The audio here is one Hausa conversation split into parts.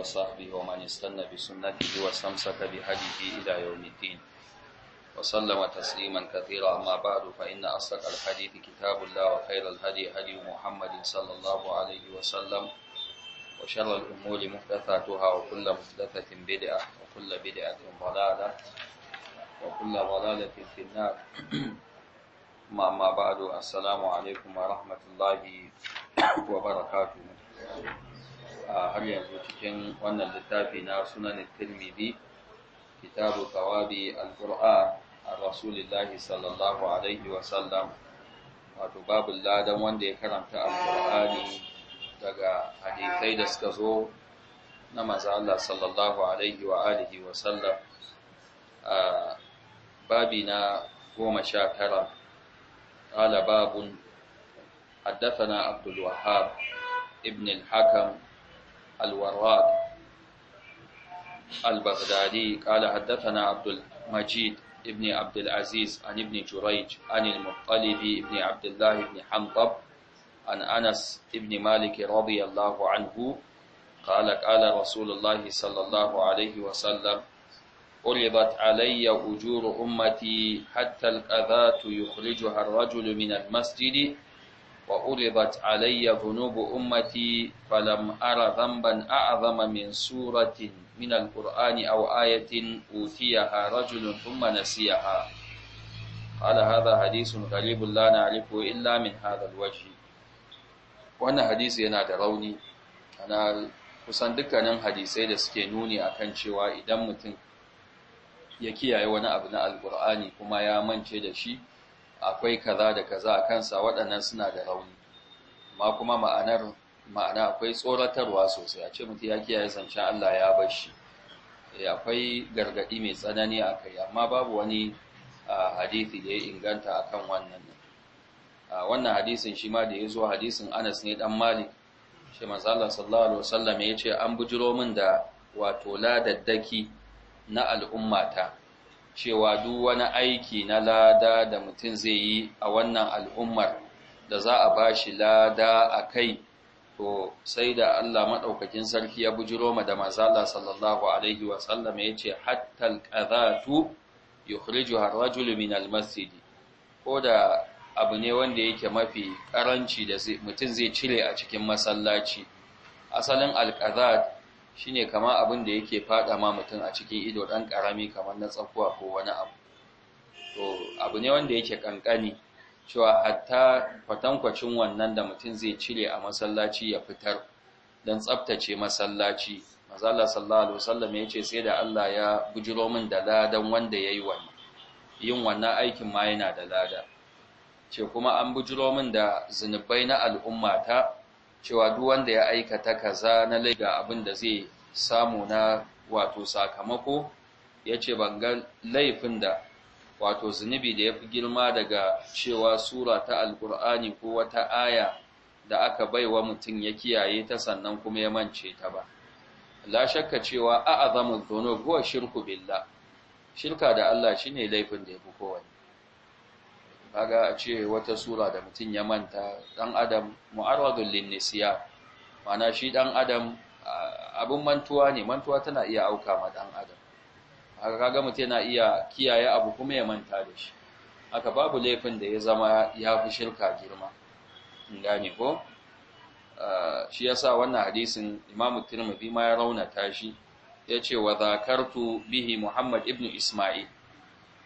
وصحبه ومن استنى بسنته واستمسك بهديه إلى يوم الدين وسلم تسليما كثيرا أما بعد فإن أصدق الحديث كتاب الله وخير الهدي هدي محمد صلى الله عليه وسلم وشر الأمور محدثاتها وكل محدثة بدعة وكل بدعة ضلالة وكل ضلالة في النار ما بعد السلام عليكم ورحمة الله وبركاته har yanzu cikin wannan littafi na sunan tirmidhi kitabu tawabi al-qur'an a rasulillahi sallallahu alaihi wasallam wato babu ladan wanda ya karanta al-qur'ani daga hadisai da suka zo na maza Allah sallallahu alaihi wa alihi wasallam a babi na goma sha tara قال باب حدثنا عبد الوهاب ابن الحكم الوراد البغدادي قال حدثنا عبد المجيد ابن عبد العزيز عن ابن جريج عن المطلب ابن عبد الله بن حنطب عن أنس ابن مالك رضي الله عنه قال قال رسول الله صلى الله عليه وسلم قلبت علي أجور أمتي حتى الأذات يخرجها الرجل من المسجد وأُرِضَتْ عَلَيَّ ذُنُوبُ أُمَّتِي فَلَمْ أَرَ ذَنْبًا أَعْظَمَ مِنْ سُورَةٍ مِنَ الْقُرْآنِ أَوْ آيَةٍ أُوتِيَهَا رَجُلٌ ثُمَّ نَسِيَهَا قَالَ هَذَا حَدِيثٌ غَرِيبٌ لَّا نَعْرِفُهُ إِلَّا مِنْ هَذَا الْوَجْهِ wannan hadisi yana da rauni kusan dukkanin hadisai da suke nuni akan cewa idan mutum ya kiyaye wani abu na alkur'ani kuma ya mance da shi akwai kaza da kaza a kansa waɗannan suna da rauni ma kuma ma'anar ma'ana akwai tsoratarwa sosai a ce mutum ya kiyaye zancen Allah ya bar shi eh, akwai gargaɗi mai tsanani a kai amma babu wani hadisi da ya inganta akan kan wannan wannan hadisin shi ma da ya zo hadisin anas ne ɗan malik shi manzala sallallahu alaihi wasallam ya ce an bujiro min da wato ladaddaki na al'ummata cewa duk wani aiki na lada da mutum zai yi a wannan al'ummar da za a ba shi lada a kai to sai da Allah maɗaukakin sarki ya bujiro ma da mazala sallallahu alaihi wasallam ya ce hattal ƙazatu yukhriju harajulu min almasidi, ko da abu ne wanda yake mafi ƙaranci da mutum zai cire a cikin masallaci asalin alƙazat shine kama abin da yake faɗa ma mutum a cikin ido dan karami kamar na tsakuwa ko wani abu to abu ne wanda yake kankani cewa hatta kwatankwacin wannan da mutum zai cire a masallaci ya fitar don tsaftace masallaci mazala sallallahu alaihi wasallam ya ce sai da Allah ya bujiro min da ladan wanda ya yi wannan yin wannan aikin ma yana da lada ce kuma an bujiro min da zunubai na al'ummata cewa duk wanda ya aikata kaza na laiga abin da zai samu na wato sakamako ya ce ga laifin da wato zunubi da ya fi girma daga cewa sura ta alkur'ani ko wata aya da aka baiwa mutum ya kiyaye ta sannan kuma ya mance ta ba la shakka cewa a'azamu dhunub huwa shirku billah shirka da Allah shine laifin da ya fi kowanne kaga a ce wata sura da mutum ya manta dan adam mu'arradun linnisiya mana shi dan adam abin mantuwa ne mantuwa tana iya auka ma dan adam haka kaga mutum yana iya kiyaye abu kuma ya manta da shi haka babu laifin da ya zama ya fi shirka girma gane ko shi yasa wannan hadisin Imam Tirmidhi ma ya raunata shi yace wa zakartu bihi Muhammad ibn Isma'il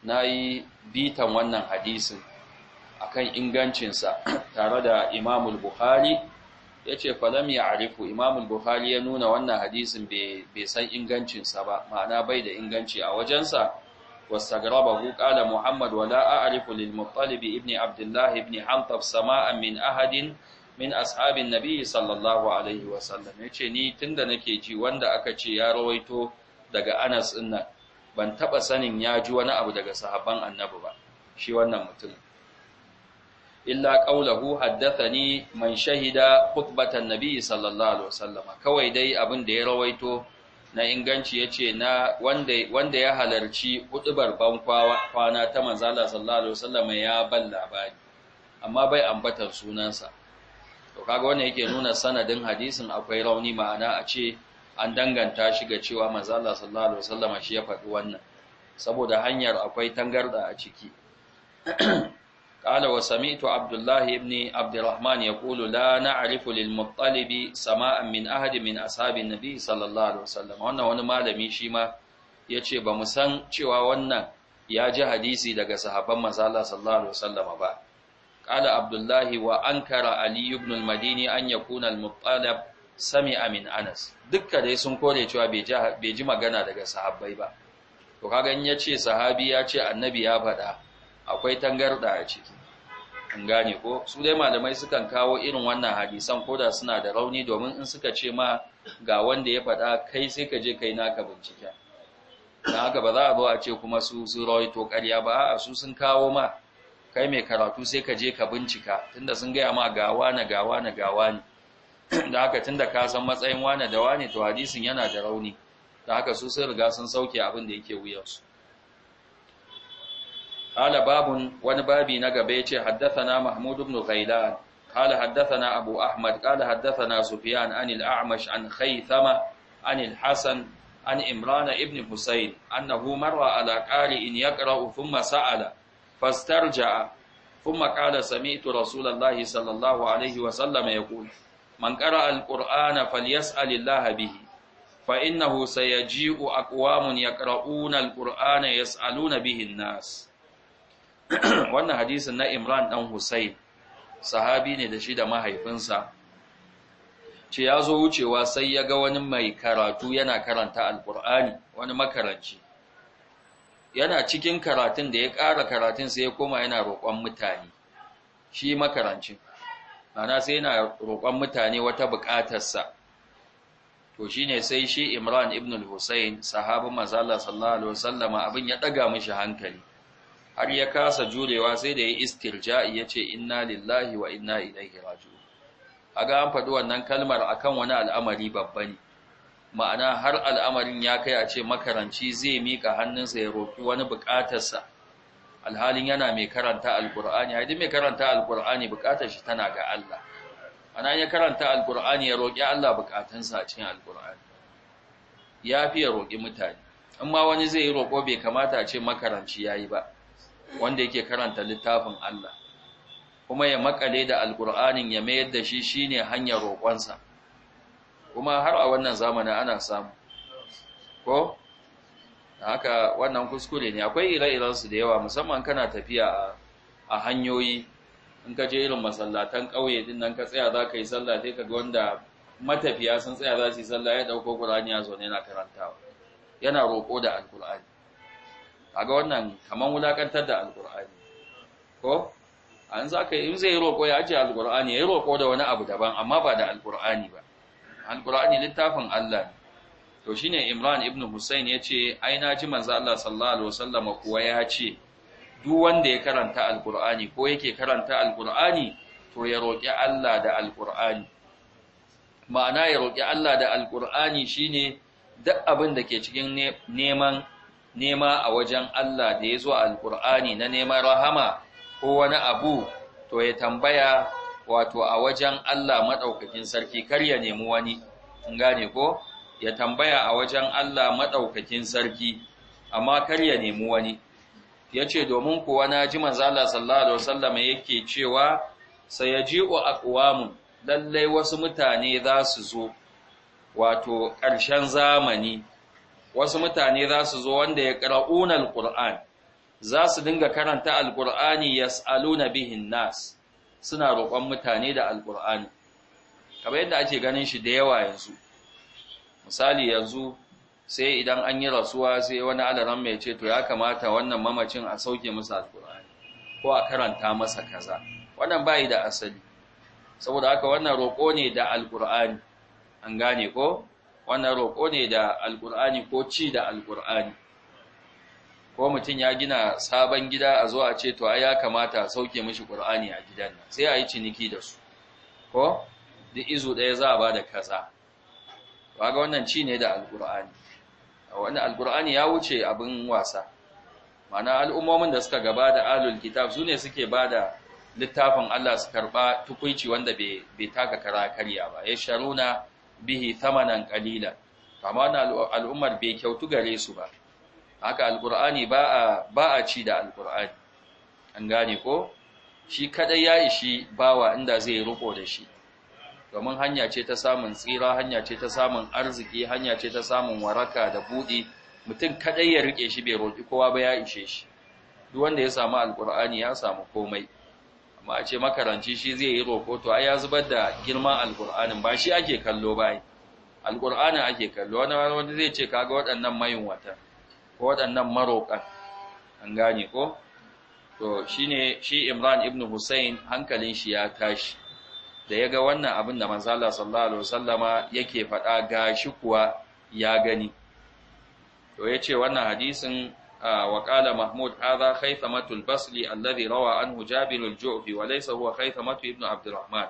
nayi bitan wannan hadisin akan ingancinsa tare da imamul buhari ya ce falam ya arifu imamul buhari ya nuna wannan hadisin bai san ingancinsa ba ma'ana bai da inganci a wajensa واستغربه قال محمد ولا أعرف arifu ابن Ibn Abdullahi, Ibn حنطب سماء من ahadin min ashabin nabi sallallahu alaihi wasallam ya ce ni tunda nake ji wanda aka ce ya rawaito daga anas nan ban taɓa sanin ya ji wani abu daga sahabban annabi ba shi wannan mutum illa haddasa haddathani mai shahida khutbatan nabi sallallahu alaihi wasallam kawai dai abin da ya rawaito na inganci yace na wanda ya halarci kutubar bankwa kwana ta manzo Allah sallallahu alaihi wasallam ya ban labari amma bai ambatar sunansa to kaga wannan yake nuna sanadin hadisin akwai rauni ma'ana a ce an danganta shi ga cewa manzo sallallahu alaihi wasallam shi ya faɗi wannan saboda hanyar akwai tangarda a ciki قال وسمعت عبد الله بن عبد الرحمن يقول لا نعرف للمطلب سماء من أحد من أصحاب النبي صلى الله عليه وسلم wannan wani malami shi ma yace bamu san cewa wannan ya ji hadisi daga sahabban manzo Allah sallallahu alaihi ba قال عبد الله وانكر علي بن المديني ان يكون المطلب سمع من انس dukka dai sun kore cewa bai ji magana daga sahabbai ba to kaga in yace sahabi ya ce annabi ya faɗa akwai tangarda a ciki gane ko su dai malamai sukan kawo irin wannan hadisan koda suna da rauni domin in suka ce ma ga wanda ya faɗa kai sai ka je kai naka bincike don haka ba za a zo a ce kuma su su to ƙarya ba a su sun kawo ma kai mai karatu sai ka je ka bincika tunda sun gaya ma ga na ga na ga ne da haka tunda ka san matsayin wane da wane to hadisin yana da rauni da haka su sun riga sun sauke abin da yake wuyarsu قال باب ونبابي نغبيتي حدثنا محمود بن غيلان قال حدثنا أبو أحمد قال حدثنا سفيان عن الأعمش عن خيثمة عن الحسن عن إمران ابن حسين أنه مر على قارئ يقرأ ثم سأل فاسترجع ثم قال سمعت رسول الله صلى الله عليه وسلم يقول من قرأ القرآن فليسأل الله به فإنه سيجيء أقوام يقرؤون القرآن يسألون به الناس wannan hadisin na imran dan husayn sahabi ne da shi da mahaifinsa ce ya zo wucewa sai ya ga wani mai karatu yana karanta alkur'ani wani makaranci yana cikin karatun da ya ƙara karatun sai ya koma yana roƙon mutane shi makarancin ana sai yana roƙon mutane wata buƙatarsa to shi ne sai shi imran ibn husayn sahabin mazala sallallahu alaihi wasallama abin ya ɗaga mashi hankali har ya kasa jurewa sai da ya istirja'i ya ce inna lillahi wa inna ilaihi a ga an faɗi wannan kalmar kan wani al'amari babba ne ma'ana har al'amarin ya kai a ce makaranci zai miƙa hannunsa ya roƙi wani buƙatarsa alhalin yana mai karanta alƙur'ani haidu mai karanta alƙur'ani buƙatar shi tana ga Allah ana ya karanta alƙur'ani ya roƙi Allah buƙatunsa a cikin alƙur'ani ya fi ya roƙi mutane amma wani zai yi roƙo bai kamata a ce makaranci ya yi ba wanda yake karanta littafin Allah kuma ya makale da alkur'anin ya mayar da shi shine hanyar roƙonsa kuma har a wannan zamani ana samu ko haka wannan kuskure ne akwai ire iren su da yawa musamman kana tafiya a hanyoyi in ka je irin masallatan ƙauye din nan ka tsaya za ka yi sallah sai ka ga wanda matafiya sun tsaya za su yi sallah ya ɗauko ƙur'ani ya zo ne yana karantawa yana roƙo da alƙur'ani kaga wannan kaman wulakantar da alqur'ani ko an zaka in zai roko ya aje alqur'ani ya roko da wani abu daban amma ba da alqur'ani ba alqur'ani littafin Allah ne. to shine Imran ibn Hussein yace ai na ji manzo Allah sallallahu alaihi wasallam kuwa ya ce duk wanda ya karanta alqur'ani ko yake karanta alqur'ani to ya roƙi Allah da alqur'ani ma'ana ya roki Allah da alqur'ani shine duk abin da ke cikin neman nema a wajen Allah da ya zo a alƙur'ani na neman rahama ko wani abu to ya tambaya wato a wajen Allah maɗaukakin sarki kar ya nemi wani in gane ko ya tambaya a wajen Allah maɗaukakin sarki amma kar ya nemi wani ya ce domin kuwa na ji manzala sallallahu alaihi wasallam yake cewa sayaji'u aqwamun lallai wasu mutane za su zo wato ƙarshen zamani wasu mutane za su zo wanda ya ƙara'una alƙur'an za su dinga karanta alƙur'ani ya na bihin nas suna roƙon mutane da alƙur'ani kamar yadda ake ganin shi da yawa yanzu misali yanzu sai idan an yi rasuwa sai wani alaran mai ce to ya kamata wannan mamacin a sauke masa alƙur'ani ko a karanta masa kaza wannan bayi da asali saboda haka wannan roƙo ne da alƙur'ani an gane ko wannan roƙo ne da alƙur'ani ko ci da alƙur'ani ko mutum ya gina sabon gida a zo a ce to ai ya kamata a sauke mishi ƙur'ani a gidan nan sai a yi ciniki da su ko duk izu ɗaya za a ba da kaza ba ga wannan ci ne da alƙur'ani wannan alƙur'ani ya wuce abin wasa mana al'ummomin da suka gaba da alul kitab su ne suke ba da littafin Allah su karɓa tukunci wanda bai taka kara karya ba ya sharuna bihi thamanan qalila amma na al'ummar bai kyautu gare su ba haka alqur'ani ba a ba a ci da alqur'ani an gane ko shi kadai ya ishi bawa inda zai ruko da shi domin hanya ce ta samun tsira hanya ce ta samun arziki hanya ce ta samun waraka da budi mutum kadai ya rike shi bai roki kowa ba ya ishe shi duk wanda ya samu alqur'ani ya samu komai a ce makaranci shi zai yi roko to ai ya zubar da girman alqur'anin ba shi ake kallo ba alqur'anin ake kallo wani wani zai ce kaga waɗannan mayin wata ko waɗannan maroƙan an gane ko to shine shi Imran ibn Hussein hankalin shi ya tashi da ya ga wannan abin da manzo Allah sallallahu alaihi wasallama yake faɗa shi kuwa ya gani to yace wannan hadisin وقال محمود هذا خيثمة البصري الذي روى عنه جابر الجعفي وليس هو خيثمة ابن عبد الرحمن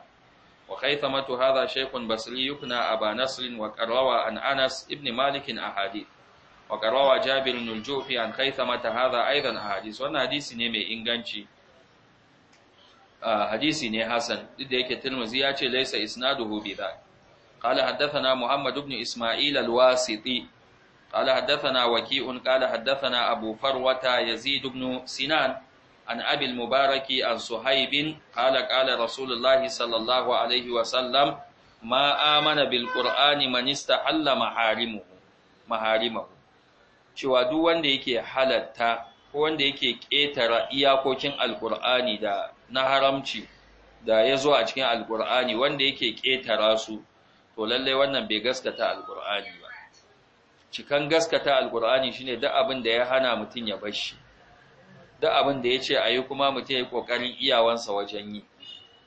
وخيثمة هذا شيخ بصري يكنى أبا نصر وقد روى عن أنس ابن مالك أحاديث وقد روى جابر الجعفي عن خيثمة هذا أيضا أحاديث وأن حديث نمي إنغانشي حديث ني حسن لديك الترمذي ليس إسناده بذلك قال حدثنا محمد بن إسماعيل الواسطي قال حدثنا وكيء قال حدثنا أبو فروة يزيد بن سنان عن أبي المبارك عن صهيب قال قال رسول الله صلى الله عليه وسلم ما آمن بالقرآن من استحل محارمه محارمه cewa duk wanda yake halatta ko wanda yake ƙetara iyakokin Alƙur'ani da na haramci da ya zo a cikin alkur'ani wanda yake ƙetara su to lallai wannan bai gaskata alkur'ani ba cikan gaskata alkur'ani shine duk abin da ya hana mutum ya bashi, shi duk abin da yace ayi kuma mutum yayi kokarin iyawansa wajen yi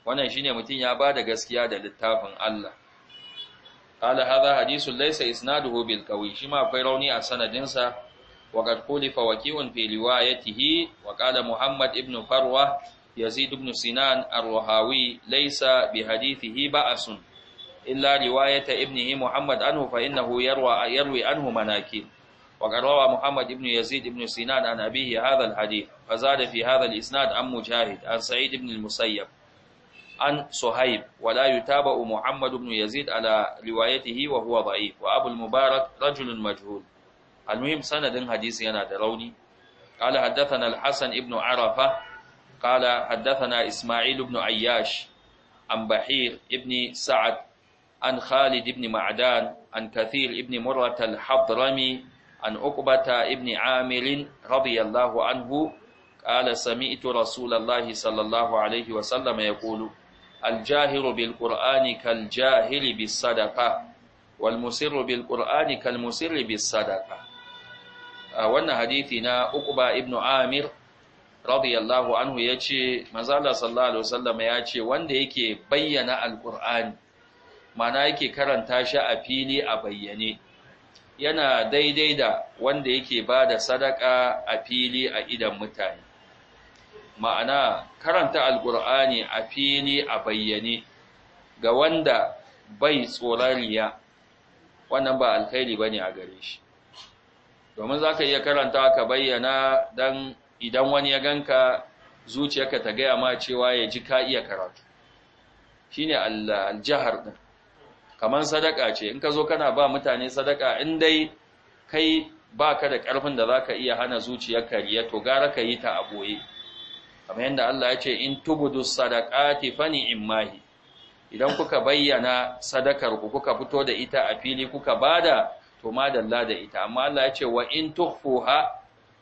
wannan shine mutum ya bada gaskiya da littafin Allah qala hadha hadithu laysa isnaduhu bil qawi shi ma akwai rauni a sanadin sa wa qad fa waqi'un fi riwayatihi wa qala muhammad ibn farwa yazid ibn sinan ar-rahawi laysa bi hadithihi ba'asun إلا رواية ابنه محمد عنه فإنه يروى, يروي عنه مناكير وقد روى محمد بن يزيد بن سنان عن أبيه هذا الحديث فزاد في هذا الإسناد عن مجاهد عن سعيد بن المسيب عن صهيب ولا يتابع محمد بن يزيد على روايته وهو ضعيف وأبو المبارك رجل مجهول المهم سند حديث ينادروني قال حدثنا الحسن بن عرفة قال حدثنا إسماعيل بن عياش عن بحير ابن سعد an Khalid ibn Ma'dan an Kathir ibn Murrat al-Hadrami an Uqbata ibn Amirin, radiyallahu anhu qala sami'tu Rasulullahi sallallahu alaihi wa sallam yaqulu al-jahiru bil Qur'ani kal jahili bis sadaqah wal musirru bil Qur'ani kal musirri bis sadaqah wannan hadithi na Uqba ibn Amir radiyallahu anhu yace manzo Allah sallallahu alaihi ya ce wanda yake bayyana alqur'ani mana yake karanta shi a fili a bayyane yana daidai da wanda yake ba da sadaka a fili a idan mutane ma'ana karanta alkur'ani a fili a bayyane ga wanda bai tsoron wannan ba alkhairi ba ne a gare shi domin za ka iya karanta ka bayyana don idan wani ya ganka zuciyarka ta gaya ma cewa ya ji ka iya karatu Shi shine aljahar ɗin. kamar sadaka ce in ka zo kana ba mutane sadaka in dai kai baka da ƙarfin da za ka iya hana zuciyar kariya to gara ka yi ta a boye kamar yadda Allah ya ce in tubudu sadaqati fani mahi. idan kuka bayyana sadakar ku kuka fito da ita a fili kuka bada to madalla da ita amma Allah ya ce wa in tukhfuha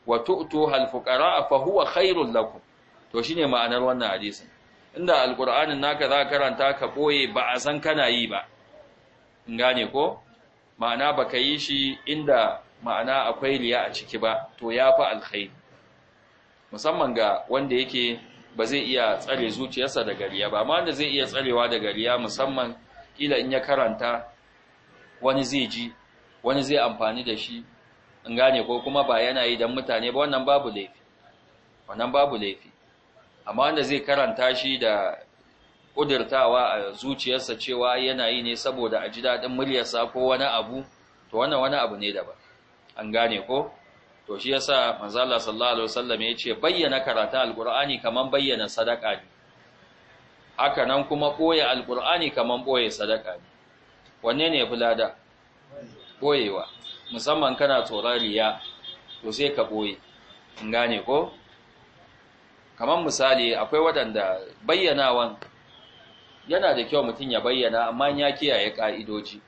wa tu'tuha al-fuqara fa huwa khairul lakum to shine ma'anar wannan hadisin inda alqur'anin naka za karanta ka boye ba a san kana yi ba gane ko ma'ana baka yi shi inda ma'ana akwai liya a ciki ba to ya fi alkhairi musamman ga wanda yake ba zai iya tsare zuciyarsa da gariya ba amma zai iya tsarewa da gariya musamman kila in ya karanta wani zai ji wani zai amfani da shi in gane ko kuma ba yana yi don mutane ba laifi wannan babu laifi amma wanda zai karanta shi da kudirtawa a zuciyarsa cewa yana yi ne saboda a ji daɗin muryarsa ko wani abu to wannan wani abu ne daban an gane ko to shi yasa manzo Allah sallallahu alaihi wasallam ya ce bayyana karatun alqur'ani kaman bayyana sadaka ne haka nan kuma boye alqur'ani kaman boye sadaka ne wanne ne lada? Koyewa. musamman kana tsoron riya to sai ka boye An gane ko kaman misali akwai waɗanda bayyanawan yana da kyau mutum ya bayyana amma ya kiyaye ka'idoji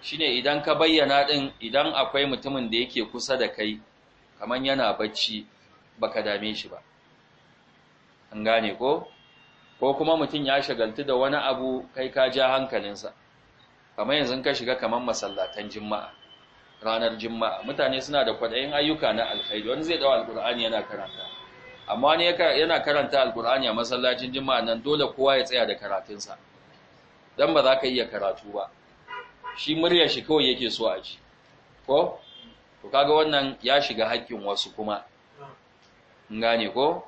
shine idan ka bayyana din idan akwai mutumin da yake kusa da kai kaman yana bacci baka dame shi ba an gane ko ko kuma mutum ya shagaltu da wani abu kai ka ja hankalinsa kamar yanzu ka shiga kaman masallatan juma'a ranar juma'a mutane suna da kwaɗayin ayyuka na alkhairi wani zai dawo alkur'ani yana karanta amma ne yana karanta alkur'ani a masallacin jima'a nan dole kowa ya tsaya da karatunsa Dan ba za ka iya karatu ba shi muryar shi kawai yake so a ji ko to kaga wannan ya shiga haƙƙin wasu kuma gane ko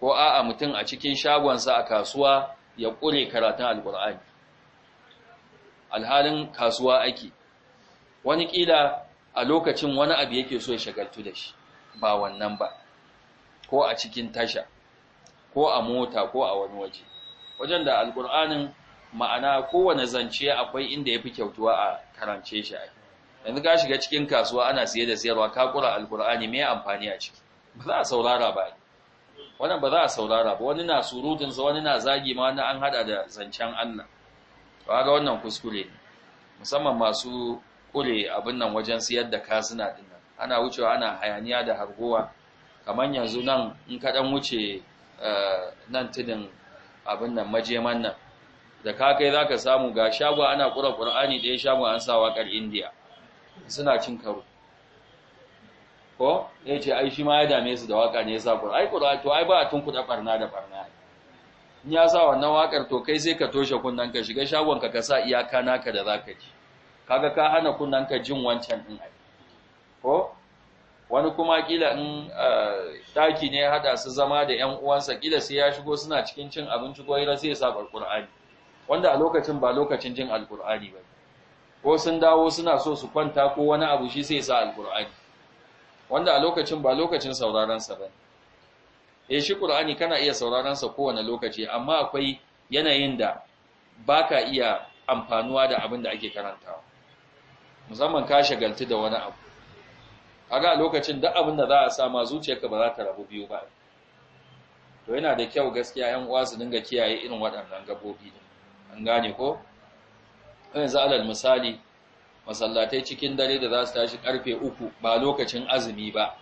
ko a'a mutum a cikin shagonsa a kasuwa ya ƙure karatun alkur'ani alhalin kasuwa ake wani ƙila a lokacin wani abu yake so ya shagaltu da shi ba wannan ba ko a cikin tasha ko a mota ko a wani waje wajen da alkur'anin ma'ana kowane zance akwai inda ya fi kyautuwa a karance shi ai yanzu ka shiga cikin kasuwa ana siye da siyarwa ka kura alkur'ani mai amfani a ciki ba za a saurara ba wani ba za a saurara ba wani na surutunsa wani na zagi ma wani an hada da zancen Allah ba ga wannan kuskure musamman masu kure abin nan wajen siyar da kasuna dinnan nan ana wucewa ana hayaniya da hargowa kamar yanzu nan in ka dan wuce eh, nan tudin abin nan majeman nan da ka kai za ka samu ga shago ana ƙura da ya shago an sa waƙar indiya suna cin karo ko ya ce ai shi ma ya dame su da waƙa ne ya sa ƙura ai ƙura to ai ba a tunkuɗa ɓarna da ɓarna in ya sa wannan waƙar to kai sai ka toshe kunnen ka shiga shagon ka ka sa iyaka naka da za ka ji kaga ka hana kunnen ka jin wancan ɗin ai ko wani kuma kila in ah, daki ne ya hada su zama da ƴan uwansa kila sai ya shigo suna cikin cin abinci ko ira sai ya saba alqur'ani wanda a lokacin ba lokacin jin alqur'ani ba ko sun dawo suna so su kwanta ko wani abu shi sai ya sa alqur'ani wanda a lokacin ba lokacin sauraron sa bane eh shi qur'ani kana iya sauraron sa kowane lokaci amma akwai yanayin da baka iya amfanuwa da abin da ake karantawa musamman ka shagaltu da wani abu kaga a lokacin duk abin da za a sama zuciyarka ba za ta rabu biyu ba to yana da kyau gaskiya yan uwa su dinga kiyaye irin waɗannan gabobi din an gane ko yanzu alal misali masallatai cikin dare da za su tashi karfe uku ba lokacin azumi ba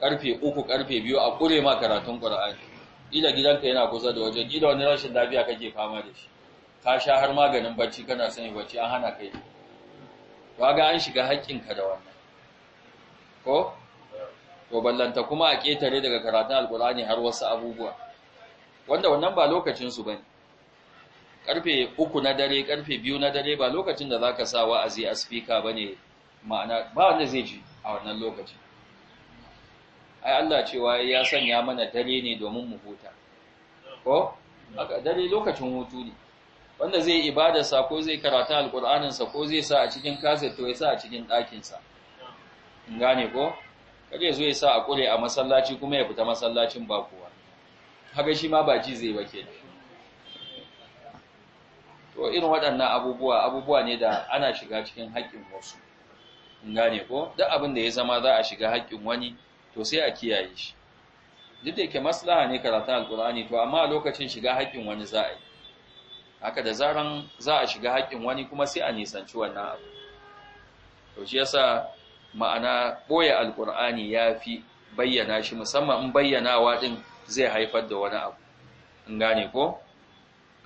karfe uku karfe biyu a kure ma karatun qur'ani ila gidanka yana kusa da waje. Gida wani rashin lafiya kake fama da shi ka sha har maganin bacci kana son bacci an hana kai ka ga an shiga haƙƙinka da wannan ko to ballanta kuma a ƙetare daga karatun alkur'ani har wasu abubuwa wanda wannan ba lokacinsu ba ne Karfe uku na dare karfe biyu na dare ba lokacin da za ka sa wa'azi a speaker ba ne ma'ana ba wanda zai ji a wannan lokacin ai Allah cewa ya sanya mana dare ne domin mu huta ko aka dare lokacin hutu ne wanda zai ibadarsa ko zai karatu alƙur'aninsa ko zai sa a cikin kaset to ya sa a cikin ɗakinsa in gane ko kaje zo ya sa a kure a masallaci kuma ya fita masallacin ba kowa haka shi ma ba ji zai ba ke to irin waɗannan abubuwa abubuwa ne da ana shiga cikin haƙƙin wasu in gane ko duk abin da ya zama za a shiga haƙƙin wani to sai a kiyaye shi duk da yake maslaha ne karatu alkur'ani to amma a lokacin shiga haƙƙin wani za a yi haka da zaran za a shiga haƙƙin wani kuma sai a nisanci wannan abu to shi yasa ma'ana ɓoye alƙur'ani ya fi bayyana shi musamman in bayyanawa ɗin zai haifar da wani abu in gane ko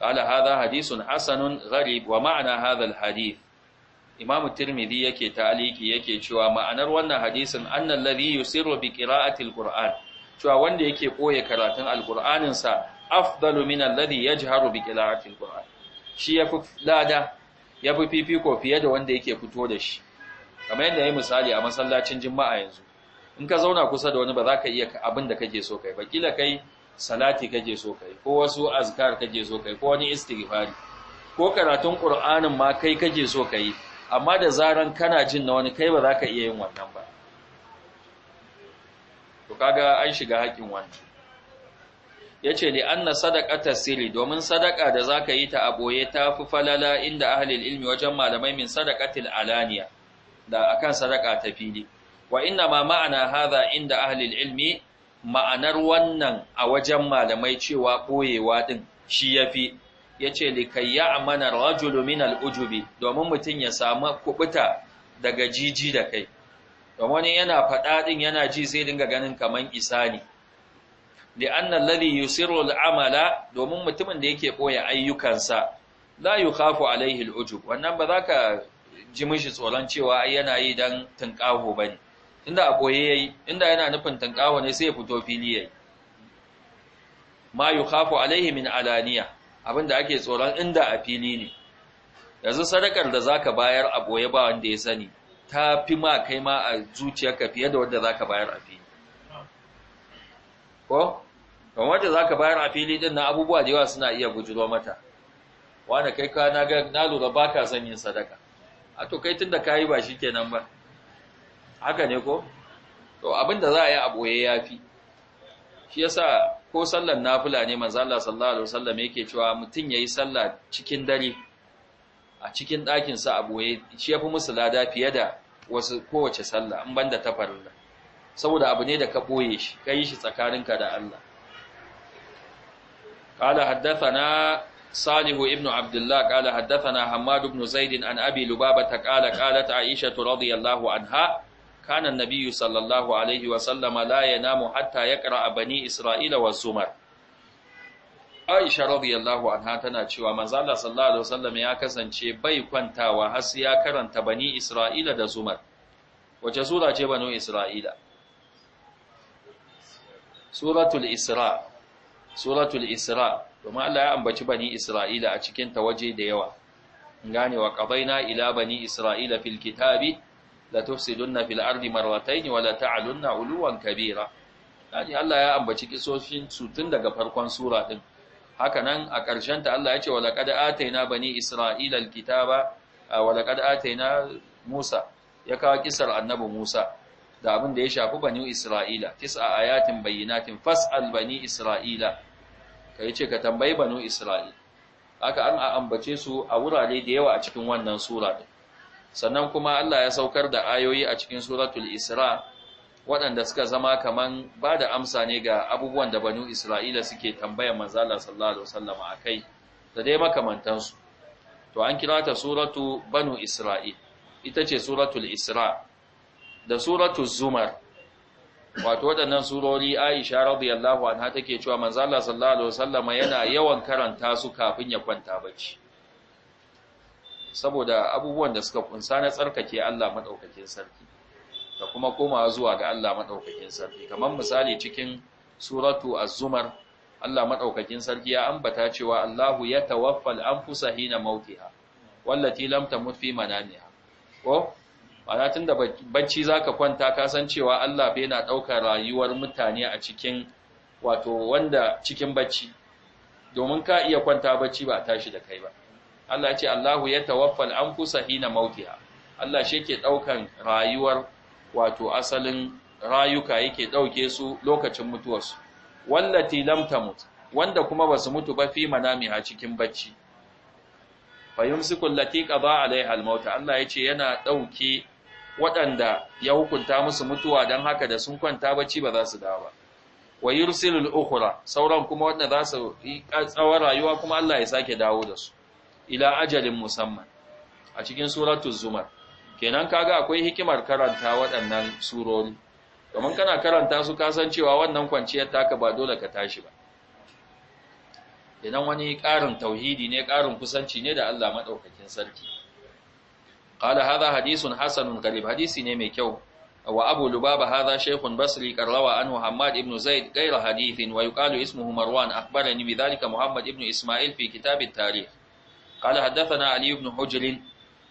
ƙala haza hadisun hasanun gharib wa ma'ana hadal hadith imam tirmidhi yake ta'aliki yake cewa ma'anar wannan hadisin annal ladhi yusiru bi qira'ati ƙuran cewa wanda yake koye karatun Alƙur'aninsa sa afdalu min alladhi yajharu bi qira'ati ƙuran shi fi lada yafi fifiko fiye da wanda yake fito da shi kamar yadda yayi misali a masallacin juma'a yanzu in ka zauna kusa da wani ba za ka iya abin da kake so kai ba kai salati kake so kai ko wasu azkar kake so kai ko wani istighfari ko karatun qur'anin ma kai kake so kai amma da zaran kana jin na wani kai ba za ka iya yin wannan ba to kaga an shiga haƙin wani yace li anna sadaqata sirri domin sadaka da zaka yi ta aboye ta fi falala inda ahlil ilmi wajen malamai min sadaqatil alaniya da akan sadaka ta fili wa inna ma ma'ana hadha inda ahli ilmi ma'anar wannan a wajen malamai cewa koyewa din shi yafi yace likayya amana rajulu min al-ujubi domin mutun ya samu kubuta daga jiji da kai domin yana faɗa din yana ji sai dinga ganin kaman isani anna alladhi yusirru al-amala domin mutumin da yake ɓoye ayyukansa la yukhafu alaihi al-ujub wannan ba za ji mishi tsoron cewa ai yana yi dan tunƙaho bane inda a boye yayi inda yana nufin tunƙaho ne sai ya fito fili yayi ma yukhafu alaihi min alaniya abinda ake tsoron inda a fili ne yanzu sadakar da zaka bayar a boye ba wanda ya sani ta fi ma kai ma a zuciyarka fiye da wanda zaka bayar a fili ko kamar wanda zaka bayar a fili din na abubuwa da yawa suna iya gujiro mata wani kai ka na lura baka son yin sadaka a to kai tun da ka yi ba shi kenan ba haka ne ko to abin za a yi a boye ya fi shi yasa ko sallar nafila ne manzo Allah sallallahu alaihi wasallam yake cewa mutun yayi sallah cikin dare a cikin ɗakinsa a boye shi yafi musu lada fiye da wasu kowace sallah in banda ta saboda abu ne da ka boye shi kai shi tsakaninka da Allah قال حدثنا صالح ابن عبد الله قال حدثنا حماد بن زيد عن أبي لبابة قال قالت عائشة رضي الله عنها كان النبي صلى الله عليه وسلم لا ينام حتى يقرأ بني إسرائيل والزمر Aisha radiyallahu anha tana cewa manzo Allah sallallahu ya kasance bai kwantawa har ya karanta bani Isra'ila da Zumar. Wace sura ce bani Isra'ila? Suratul Isra. Suratul Isra. domin Allah ya ambaci bani Isra'ila a cikin ta waje da yawa gane wa qadaina ila bani Isra'ila fil kitabi la tufsiduna fil ardi marratayn wa la ta'lunna uluwan kabira yani Allah ya ambaci kisoshin su tun daga farkon sura din haka nan a ƙarshen ta Allah ya ce wa laqad ataina bani Isra'ila al kitaba wa laqad ataina Musa ya kawo kisar annabi Musa da abin da ya shafi bani Isra'ila tis'a ayatin bayyinatin fas'al bani Isra'ila Ka yi ce ka tambayi banu isra'il haka an ambace su a wurare da yawa a cikin wannan sura din sannan kuma Allah ya saukar da ayoyi a cikin suratul isra waɗanda suka zama kaman ba da amsa ne ga abubuwan da banu isra'ila suke tambayar manzala sallallahu alaihi wasallam akai da dai makamantansu to an kira ta suratu banu isra'il ita ce suratul isra da suratul zumar wato waɗannan surori Aisha radiyallahu anha take cewa manzo Allah sallallahu alaihi wasallama yana yawan karanta su kafin ya kwanta bacci saboda abubuwan da suka kunsa na tsarkake Allah madaukakin sarki da kuma komawa zuwa ga Allah madaukakin sarki kamar misali cikin suratu az-zumar Allah madaukakin sarki ya ambata cewa Allahu yatawaffal anfusahina mautiha wallati lam tamut fi manamiha ko tun da bacci zaka kwanta ka san cewa Allah bai na daukar rayuwar mutane a cikin wato wanda cikin bacci domin ka iya kwanta bacci ba a tashi da kai ba Allah ya ce Allahu ya tawaffal anfusa hina mautiha Allah shi yake daukan rayuwar wato asalin rayuka yake ɗauke su lokacin mutuwarsu wallati lam tamut wanda kuma basu mutu ba fi manamiha cikin bacci fayumsiku allati qada alaiha almaut Allah ya ce yana ɗauke. waɗanda ya hukunta musu mutuwa don haka da sun kwanta bacci ba za su dawo ba wa yursilul ukhra sauran kuma waɗanda za su yi tsawon rayuwa kuma Allah ya sake dawo da su ila ajalin musamman a cikin suratul zumar kenan kaga akwai hikimar karanta waɗannan surori domin kana karanta su kasancewa wannan kwanciyar taka ba dole ka tashi ba idan wani ƙarin tauhidi ne ƙarin kusanci ne da Allah maɗaukakin sarki قال هذا حديث حسن غريب حديثي نيمي مي كيو وابو لبابه هذا شيخ بصري قال روى عنه حماد بن زيد غير حديث ويقال اسمه مروان اخبرني بذلك محمد بن اسماعيل في كتاب التاريخ قال حدثنا علي بن حجر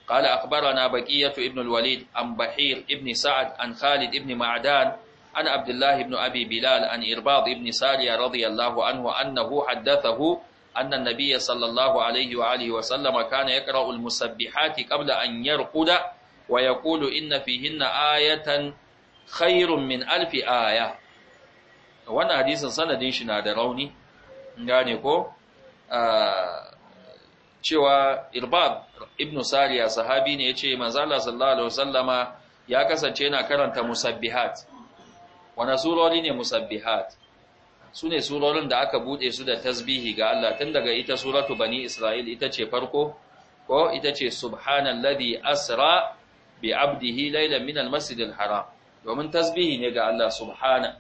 قال اخبرنا بقيه ابن الوليد عن بحير ابن سعد عن خالد ابن معدان عن عبد الله بن ابي بلال عن ارباض ابن ساريه رضي الله عنه انه حدثه أن النبي صلى الله عليه وآله وسلم كان يقرأ المسبحات قبل أن يرقد ويقول إن فيهن آية خير من ألف آية وانا حديث سندين shi na da rauni gane ko cewa irbab ibn sariya sahabi ne yace manzo Allah sallallahu alaihi ya kasance yana karanta musabbihat wana surori ne musabbihat su ne surorin da aka buɗe su da tasbihi ga Allah tun daga ita suratu bani Isra'il ita ce farko ko ita ce ladi asra bi abdihi laylan minal almasjidil haram domin tasbihi ne ga Allah subhana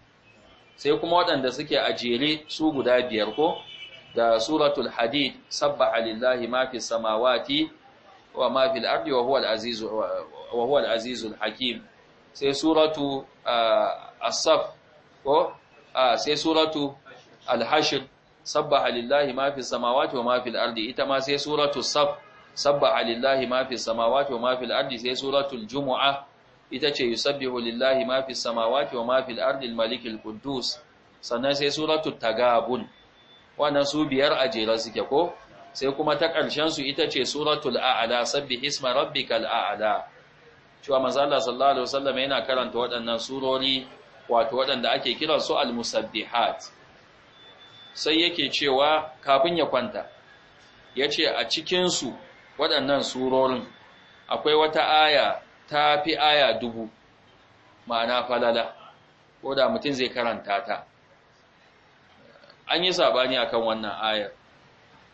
sai kuma waɗanda suke a jere su guda biyar ko da suratul hadid sabbaha lillahi ma fi samawati wa ma fil wa huwa al hakim sai suratu ah, as ko sai suratu al-hashr sabbaha lillahi ma fi samawati wa ma fi ardi ita ma sai suratu saf sabba lillahi mafi fi samawati wa ma fi ardi sai suratul jumu'a ita ce yusabbihu lillahi ma fi samawati wa ma fi al-ardi al-malik sannan sai suratul tagabun wannan su biyar a jera suke ko sai kuma ta ƙarshen su ita ce suratul a'la sabbih isma rabbikal a'la cewa manzo Allah sallallahu alaihi wasallam yana karanta waɗannan surori wato waɗanda ake kira su al-musabbihat sai yake cewa kafin ya kwanta ya ce a cikin su waɗannan surorin akwai wata aya ta fi aya dubu ma'ana falala ko da mutum zai karanta ta an yi sabani akan wannan ayar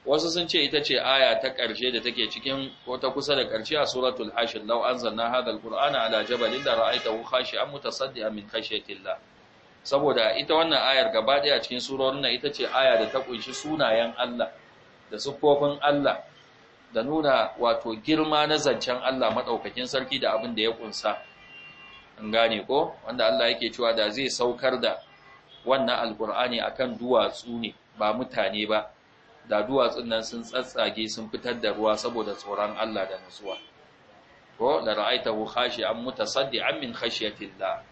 wasu sun ce ita ce aya ta ƙarshe da take cikin ko ta kusa da ƙarshe a suratul hashir law anzalna hadha alqur'ana ala jabalin la ra'aytahu khashi'an a min Tilla. saboda ita wannan ayar gaba ɗaya cikin surorin nan ita ce aya da ta kunshi sunayen Allah da siffofin Allah da nuna wato girma na zancen Allah madaukakin sarki da abin da ya kunsa an gane ko wanda Allah yake cewa da zai saukar da wannan alqur'ani akan duwatsu ne ba mutane ba da duwatsun nan sun tsatsage sun fitar da ruwa saboda tsoron Allah da nutsuwa ko la ra'aitahu khashi'an mutasaddi'an min khashyatillah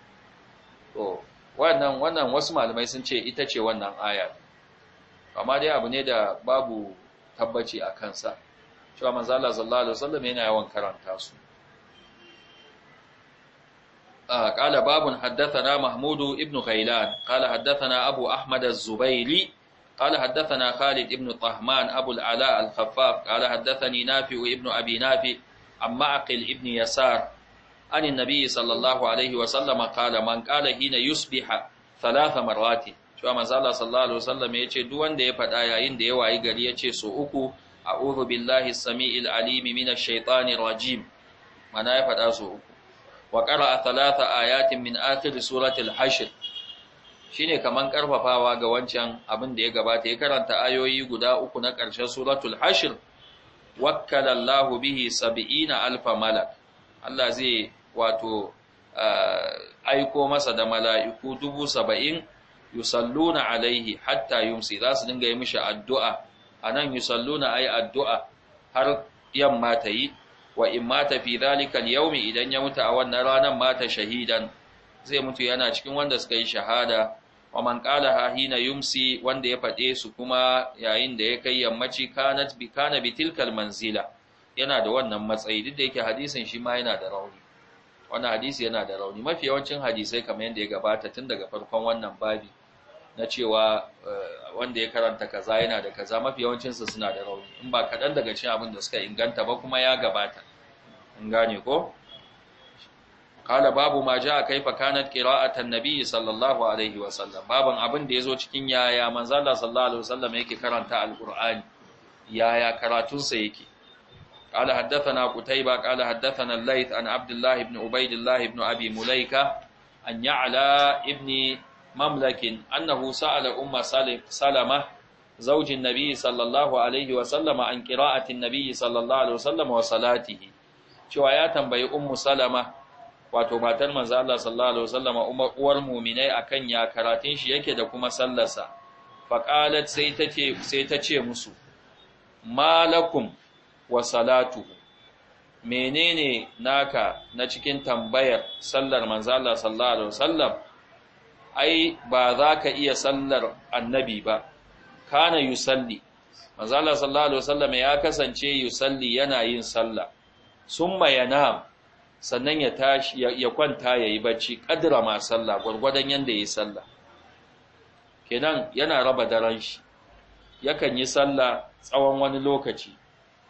to wannan wannan wasu malamai sun ce ita ce wannan aya amma dai abu ne da babu tabbaci a kansa cewa manzo Allah sallallahu alaihi wasallam yana yawan karanta su قال باب حدثنا محمود ابن غيلان قال حدثنا أبو أحمد الزبيري قال حدثنا خالد بن طهمان أبو العلاء الخفاف قال حدثني نافع ابن أبي نافع عن معقل ابن يسار عن النبي صلى الله عليه وسلم قال من قال حين يصبح ثلاث مرات cewa manzo Allah sallallahu alaihi wasallam yace duk wanda ya faɗa yayin da ya wayi gari yace so uku a'udhu billahi samiil alim minash shaitani rajim mana ya faɗa so uku wa qara'a thalatha ayatin min akhir suratil hashir. shine kaman karfafawa ga wancan abin da ya gabata ya karanta ayoyi guda uku na ƙarshen suratul hashir "Wakkalallahu bihi 70 alfa malak Allah zai wato aiko masa da mala'iku 70 yusalluna alaihi hatta yumsi za su dinga yi mishi addu'a anan yusalluna ay addu'a har yamma ta yi wa in mata fi dhalika idan ya mutu a wannan ranar mata shahidan zai mutu yana cikin wanda suka yi shahada wa man qalaha hina yumsi wanda ya faɗe su kuma yayin da ya kai yammaci kanat bi kana bi tilkal manzila yana da wannan matsayi duk da yake hadisin shi ma yana da rauni wannan hadisi yana da rauni mafi yawancin hadisai kamar yadda ya gabata tun daga farkon wannan babi na cewa wanda ya karanta kaza yana da kaza mafi yawancin su suna da rauni in ba kaɗan daga cikin abin da suka inganta ba kuma ya gabata in gane ko qala babu ma a kaifa kanat qira'atan nabiy sallallahu alaihi wasallam baban abin da yazo cikin yaya manzo Allah sallallahu alaihi wasallam yake karanta alqur'ani yaya karatunsa yake قال حدثنا قتيبة قال حدثنا الليث عن عبد الله بن عبيد الله بن أبي مليكة أن يعلى ابن مملك أنه سأل أم سلمة زوج النبي صلى الله عليه وسلم عن قراءة النبي صلى الله عليه وسلم وصلاته Cewa ya tambayi أم سلمة wato matar manzo Allah sallallahu alaihi wasallam uwar mu'minai akan ya karatun shi yake da kuma sallarsa faqalat sai tace sai tace musu malakum wa salatuhu menene naka na cikin tambayar sallar manzo Allah sallallahu alaihi wasallam ai ba za ka iya sallar annabi ba kana yusalli manzo Allah sallallahu alaihi wasallam ya kasance yusalli yana yin sallah summa yanam sannan ya tashi ya kwanta yi bacci kadira ma sallah gurgurdan yanda yayi sallah kenan yana raba daren shi yakan yi sallah tsawon wani lokaci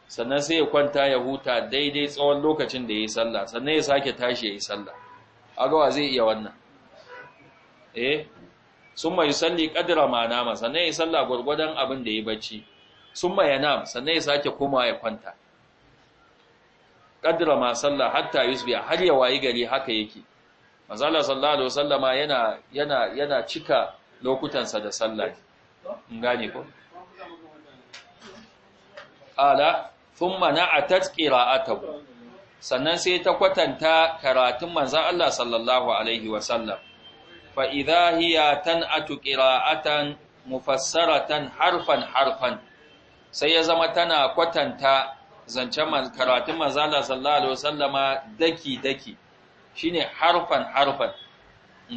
sannan sai ya kwanta ya huta daidai tsawon lokacin da ya yi sallah sannan ya sake tashi ya yi sallah agawa zai iya wannan eh sun mai salli kadira ma nama sannan ya yi sallah gwargwadon abin da ya yi bacci sun mai yanam sannan ya sake koma ya kwanta qadra ma sallah, hatta yusbi har ya wayi gari haka yake manzo Allah sallallahu alaihi wasallama yana yana yana cika lokutansa da sallah in gane ko ala thumma na'atat qira'atahu sannan sai ta kwatanta karatun manzo Allah sallallahu alaihi wasallam fa idha hiya tan'atu qira'atan mufassaratan harfan harfan sai ya zama tana kwatanta zancen karatun manzala sallallahu alaihi wasallama daki daki shine harfan harfan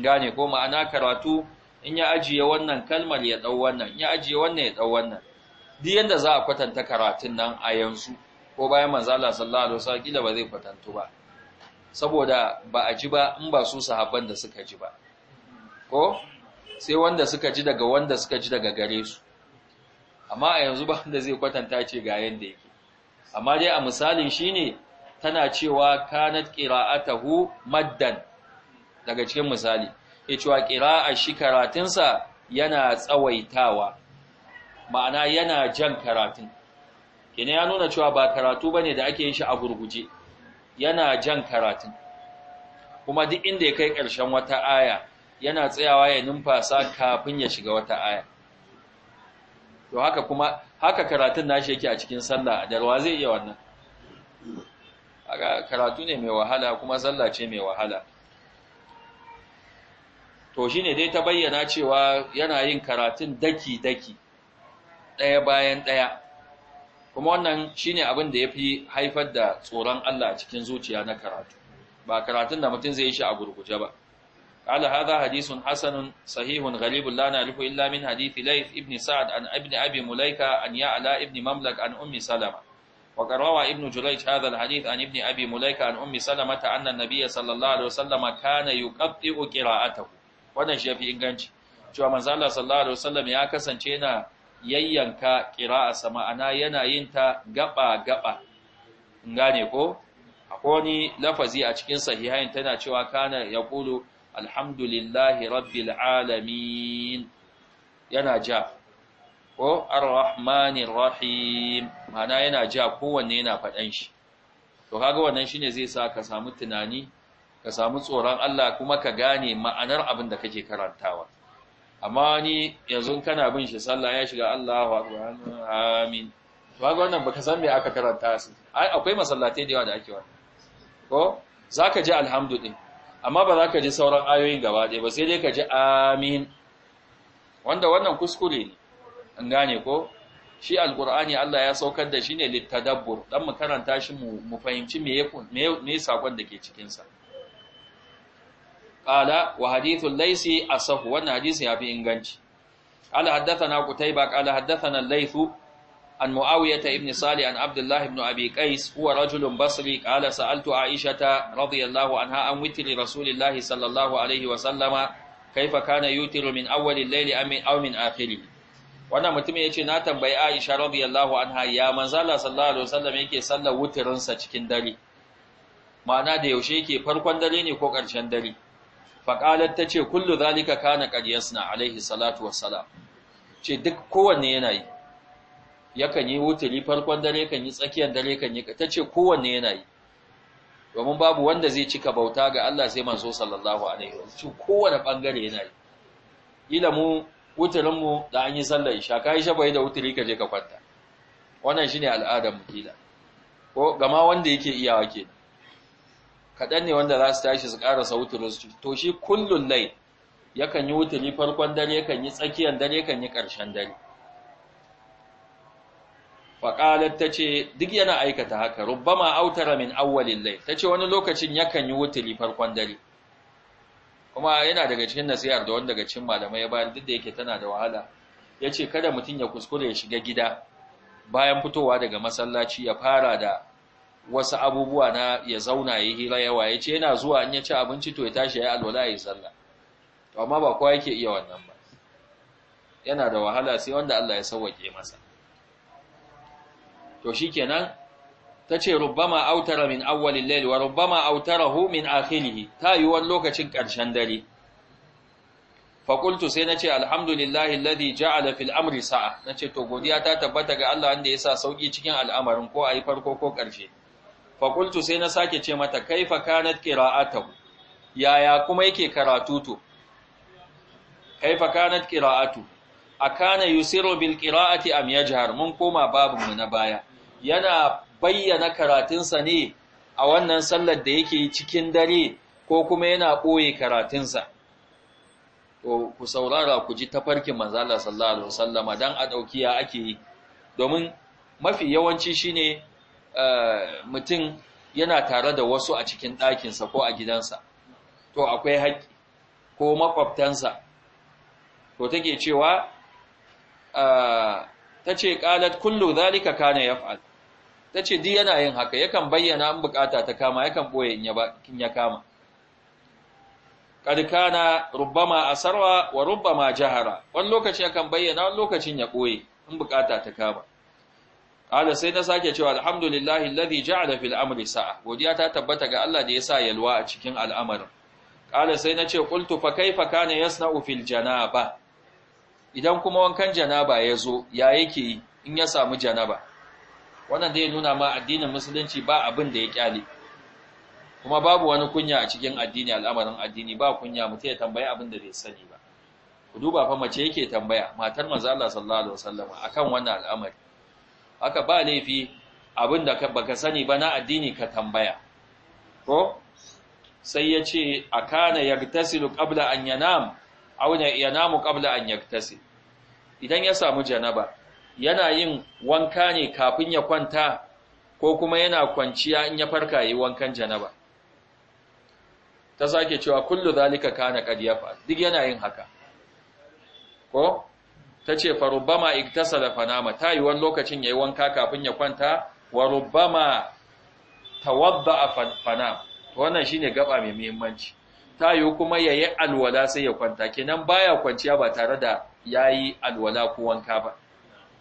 gane ko ma'ana karatu in ya ajiye wannan kalmar ya dau wannan in ya ajiye wannan ya dau wannan duk yanda za a kwatanta karatun nan a yanzu ko bayan manzala sallallahu alaihi wasallam kila ba zai kwatantu ba saboda ba a ji ba in ba su sahabban da suka ji ba ko sai wanda suka ji daga wanda suka ji daga gare su amma a yanzu ba wanda zai kwatanta ce ga yanda yake amma dai a misalin shine tana cewa kanat qira'atuhu maddan daga cikin misali ya cewa qira'a shi karatunsa yana tsawaitawa ma'ana yana jan karatun Kene ya nuna cewa ba karatu bane da ake yin shi a gurguje yana jan karatun kuma duk inda ya kai ƙarshen wata aya yana tsayawa ya numfasa kafin ya shiga wata aya to haka kuma haka karatun nashi yake a cikin sallah a darwa zai iya wannan karatu ne mai wahala kuma sallah ce mai wahala to shine dai ta bayyana cewa yana yin karatun daki-daki ɗaya bayan ɗaya kuma wannan shine abin da yafi haifar da tsoron Allah a cikin zuciya na karatu ba karatun da mutum zai yi shi a gurguje ba قال هذا حديث حسن صحيح غريب لا نعرف إلا من حديث ليث ابن سعد عن ابن أبي مليكة عن يعلى ابن مملك عن أم سلمة وقد روى ابن جريج هذا الحديث عن ابن أبي مليكة عن أم سلمة أن النبي صلى الله عليه وسلم كان قراءته wannan shi yafi inganci cewa Manzala Allah sallallahu alaihi wasallam ya kasance na yayyanka kiraasa, ma'ana yana yin ta gaba gaba ngane ko akwai wani lafazi a cikin sahihain tana cewa kana Kulu. alhamdulillahi rabbil alamin yana ja ko arrahmanir rahim mana yana ja kowanne yana faɗan shi to kaga wannan shine zai sa ka samu tunani ka samu tsoron Allah kuma ka gane ma'anar abin da kake karantawa amma ni yanzu kana bin shi sallah ya shiga Allahu akbar amin to kaga wannan baka san me aka karanta su ai akwai masallatai da yawa da ake wa ko zaka ji alhamdu din amma ba za ka ji sauran ayoyin gaba ɗaya ba sai dai ka ji amin wanda wannan kuskure ne an gane ko shi alkur'ani Allah ya saukar da shi ne littadabbur dan mu karanta shi mu fahimci me me sakon da ke cikin sa qala wa hadithu laysi asahu wannan hadisin yafi inganci qala haddathana qutaiba qala haddathana laythu an mu'awiyata ibn sali an abdullahi ibn abi qais huwa rajulun basri qala sa'altu aisha ta radiyallahu anha an witri rasulillahi sallallahu alaihi wa sallama kaifa kana yutiru min awwal al-layli am min aw min akhiri wannan mutum yace na tambayi aisha radiyallahu anha ya manzo Allah wa sallam yake sallar wuturinsa cikin dare ma'ana da yaushe yake farkon dare ne ko karshen dare fa qalat tace kullu zalika kana qad yasna salatu wa salam ce duk kowanne yanayi. yakan yi wuturi farkon dare kan yi tsakiyar dare kan yi ta ce kowanne yana yi domin babu wanda zai cika bauta ga Allah sai manzo sallallahu alaihi wasallam kowanne bangare yana yi ila mu wuturin mu da an yi sallar isha kai bai da wuturi ka je ka kwanta wannan shine al'adar mu kila ko gama wanda yake iyawa ke kadan ne wanda za su tashi su sa wuturin su to shi kullun lai yakan yi wuturi farkon dare kan yi tsakiyar dare kan yi ƙarshen dare faƙalar ta ce duk yana aikata haka rubbama autara min awwalin lai ta ce wani lokacin yakan yi wutuli farkon dare kuma yana daga cikin nasiyar da wani daga cikin malamai ya bayar duk da yake tana da wahala ya ce kada mutum ya kuskure ya shiga gida bayan fitowa daga masallaci ya fara da wasu abubuwa na ya zauna ya hira yawa ya ce yana zuwa an ya ci abinci to ya tashi ya yi alwala ya yi sallah to amma ba kowa yake iya wannan ba yana da wahala sai wanda Allah ya sauwake masa to shikenan tace rubbama autara min awwalil layl wa rubbama autarahu min akhirihi ta yi wani lokacin ƙarshen dare faƙultu sai nace alhamdulillahi Ladi ja'ala fil amri sa'a nace to godiya ta tabbata ga Allah wanda ya sa sauki cikin al'amarin ko ayi farko ko ƙarshe fakultu sai na sake ce mata kaifa kanat qira'atuhu yaya kuma yake karatu to kaifa kanat qira'atu akana yusiru bil qira'ati am yajhar mun koma babu mu na baya yana bayyana karatunsa ne a wannan sallar da yake cikin dare ko kuma yana ɓoye karatunsa to ku saurara ku ji tafarkin manzala sallallahu alaihi wasallama don a ɗaukiya ya ake yi domin mafi yawanci shi ne eh, mutum yana tare da wasu a cikin ɗakinsa ko a gidansa to akwai haƙƙi ko makwabtansa to take cewa eh, ta ce ƙalat kullu zalika kana yaf'al ta ce di yana yin haka yakan bayyana an bukata ta kama yakan boye in ya kama Kadkana rubbama a sarwa wa rubbama jahara wani lokaci yakan bayyana wani lokacin ya boye in bukata ta kama ƙada sai na sake cewa alhamdulillahi ladhi ja'ala fil amri sa'a godiya ta tabbata ga Allah da ya sa yalwa a cikin al'amarin ƙada sai na ce qultu fa kaifa kana yasna'u fil janaba idan kuma wankan janaba ya zo ya yake yi in ya samu janaba wannan dai nuna ma addinin musulunci ba abin da ya kyale kuma babu wani kunya a cikin addini al'amarin addini ba kunya mutum ya tambaya abin da bai sani ba ku duba fa mace yake tambaya matar manzo Allah sallallahu alaihi wasallam akan wannan al'amari haka ba laifi abin da baka sani ba na addini ka tambaya ko sai ya ce akana yagtasilu qabla an yanam aw yanamu qabla an yagtasil idan ya samu janaba yana yin wanka ne kafin ya kwanta ko kuma yana kwanciya in ya farka yi wankan janaba ta sake cewa kullu zalika kana qad yafa duk yana yin haka ko tace fa rubbama iktasala fanama tayi wani lokacin yayi wanka kafin ya kwanta wa rubbama tawadda fanama wannan shine gaba mai muhimmanci tayi kuma yayi alwala sai ya kwanta kenan baya kwanciya ba tare da yayi alwala ko wanka ba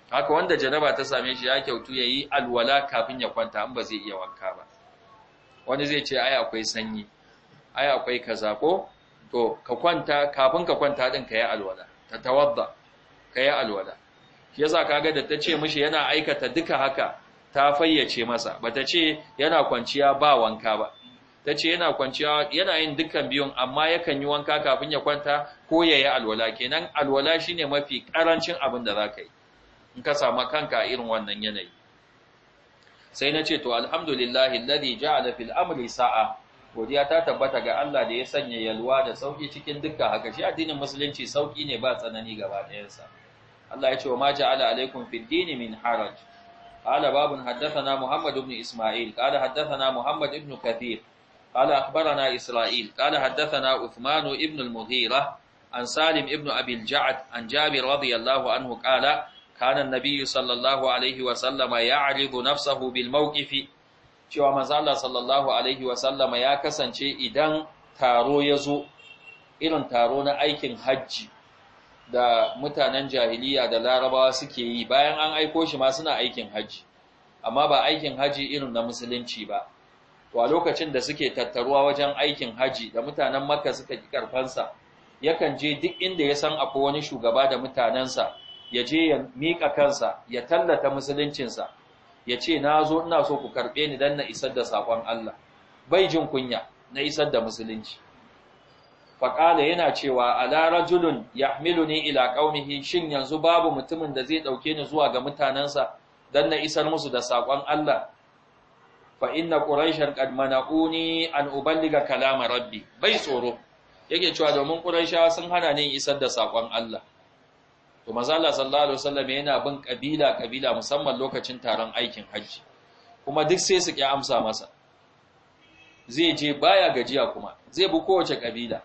haka wanda janaba ta same shi ya kyautu ya yi alwala kafin ya kwanta an ba zai iya wanka ba wani zai ce ai akwai sanyi ai akwai kaza ko to ka kwanta kafin ka kwanta din ka yi alwala ta tawadda ka yi alwala shi yasa kaga da ta ce mishi yana aikata duka haka ta fayyace masa ba ta ce yana kwanciya ba wanka ba ta ce yana kwanciya yana yin dukkan biyun amma yakan yi wanka kafin ya kwanta ko ya yi alwala kenan alwala shine mafi karancin abin da za ka yi in ka samu kanka a irin wannan yanayi sai na ce to alhamdulillahi alladhi ja'ala fil amri sa'a godiya ta tabbata ga Allah da ya sanya yalwa da sauki cikin dukkan haka shi addinin musulunci sauki ne ba tsanani gaba ɗayansa Allah ya ce wa ma ja'ala alaikum fid dini min haraj قال باب حدثنا محمد بن إسماعيل قال حدثنا محمد بن كثير قال Kala إسرائيل قال حدثنا Ibn بن المغيرة عن سالم بن أبي الجعد عن جابر رضي الله عنه قال kana annabi sallallahu alaihi wa sallama ya'ridu nafsahu bil mawqifi cewa manzo Allah sallallahu alaihi wa sallama ya kasance idan taro ya zo irin taro na aikin hajji da mutanen jahiliya da larabawa suke yi bayan an aiko shi ma suna aikin hajji amma ba aikin hajji irin na musulunci ba wa lokacin da suke tattaruwa wajen aikin hajji da mutanen makka suka ki karfansa yakan je duk inda ya san akwai wani shugaba da mutanensa ya je ya mika kansa ya tallata musuluncinsa ya ce na zo ina so ku karɓe ni don na isar da saƙon Allah bai jin kunya na isar da musulunci faƙala yana cewa ala rajulun yahmiluni ila qaumihi shin yanzu babu mutumin da zai ɗauke ni zuwa ga mutanensa don na isar musu da sakon Allah fa inna quraishan qad mana'uni an uballiga kalama rabbi bai tsoro yake cewa domin quraishawa sun hana ni isar da sakon Allah to mazala sallallahu alaihi wasallam yana bin kabila kabila musamman lokacin taron aikin hajji kuma duk sai su ki amsa masa zai je baya gajiya kuma zai bi kowace kabila